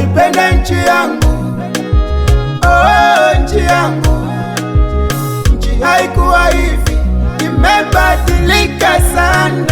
naipende nchi yangu, oh, nchi yangu. Nchi haikuwa hivi, imebadilika sana.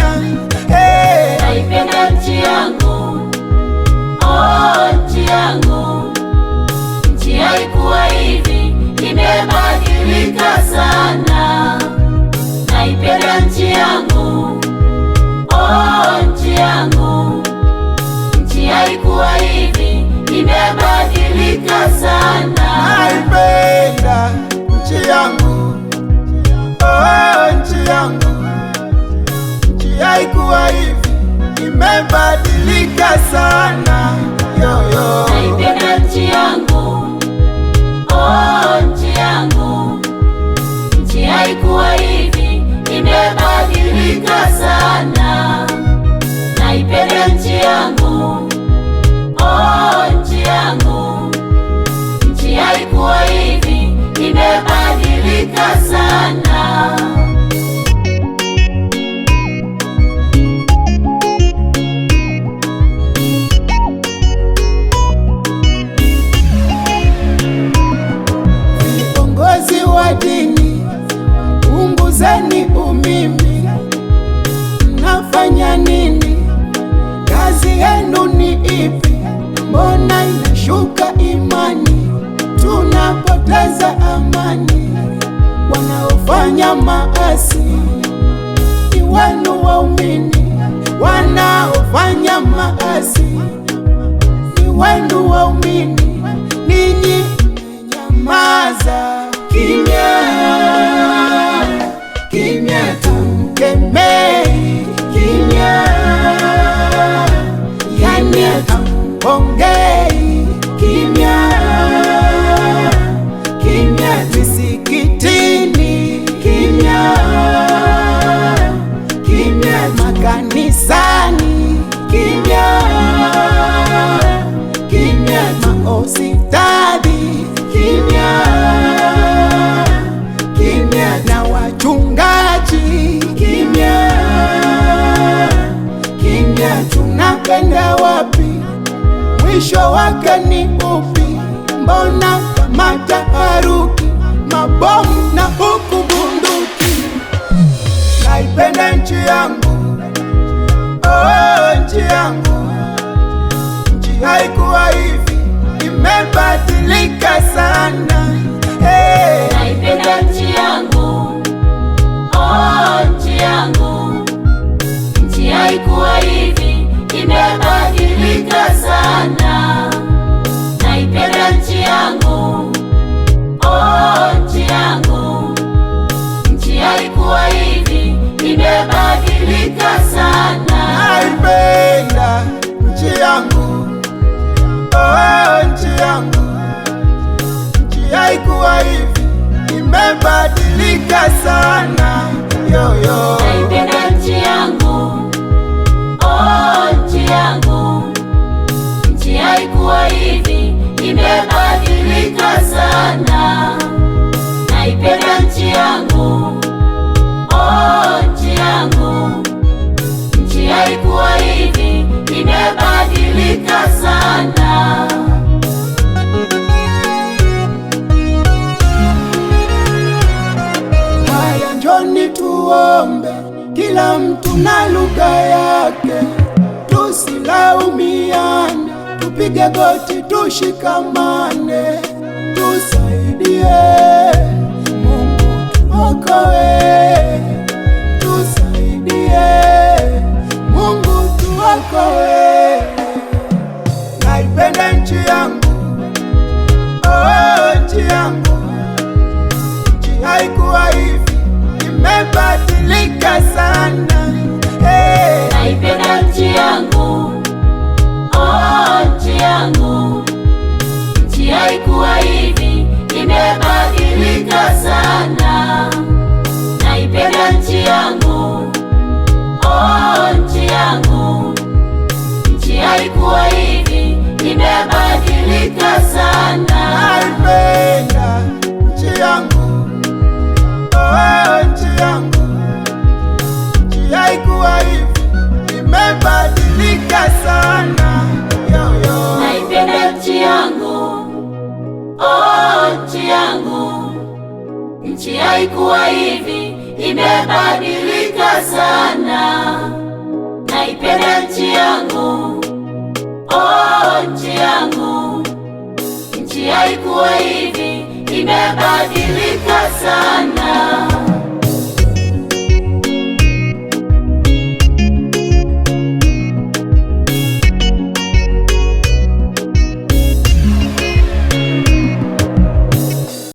sana sitadi Kimya, kimya na wachungaji. Kimya, kimya tunapenda wapi? Mwisho wake ni upi? Mbona kama taharuki haikuwa hivi, imebadilika sana. kila mtu na lugha yake, tusilaumiane, tupige goti, tushikamane, tusaidie Mungu tusaidie Mungu tuokoe, naipenda nchi yangu oh, nchi yangu nchi haikuwa hivi imebadilika. Nahangaika sana hey. Naipenda nchi yangu, oh, nchi yangu. Nchi haikuwa hivi, imebadilika sana. Naipenda nchi yangu, oh, nchi yangu. Nchi haikuwa hivi, imebadilika sana. Naipenda nchi yangu Nchi haikuwa hivi, imebadilika sana. Naipenda nchi yangu, oh, nchi yangu. Nchi haikuwa hivi, imebadilika sana.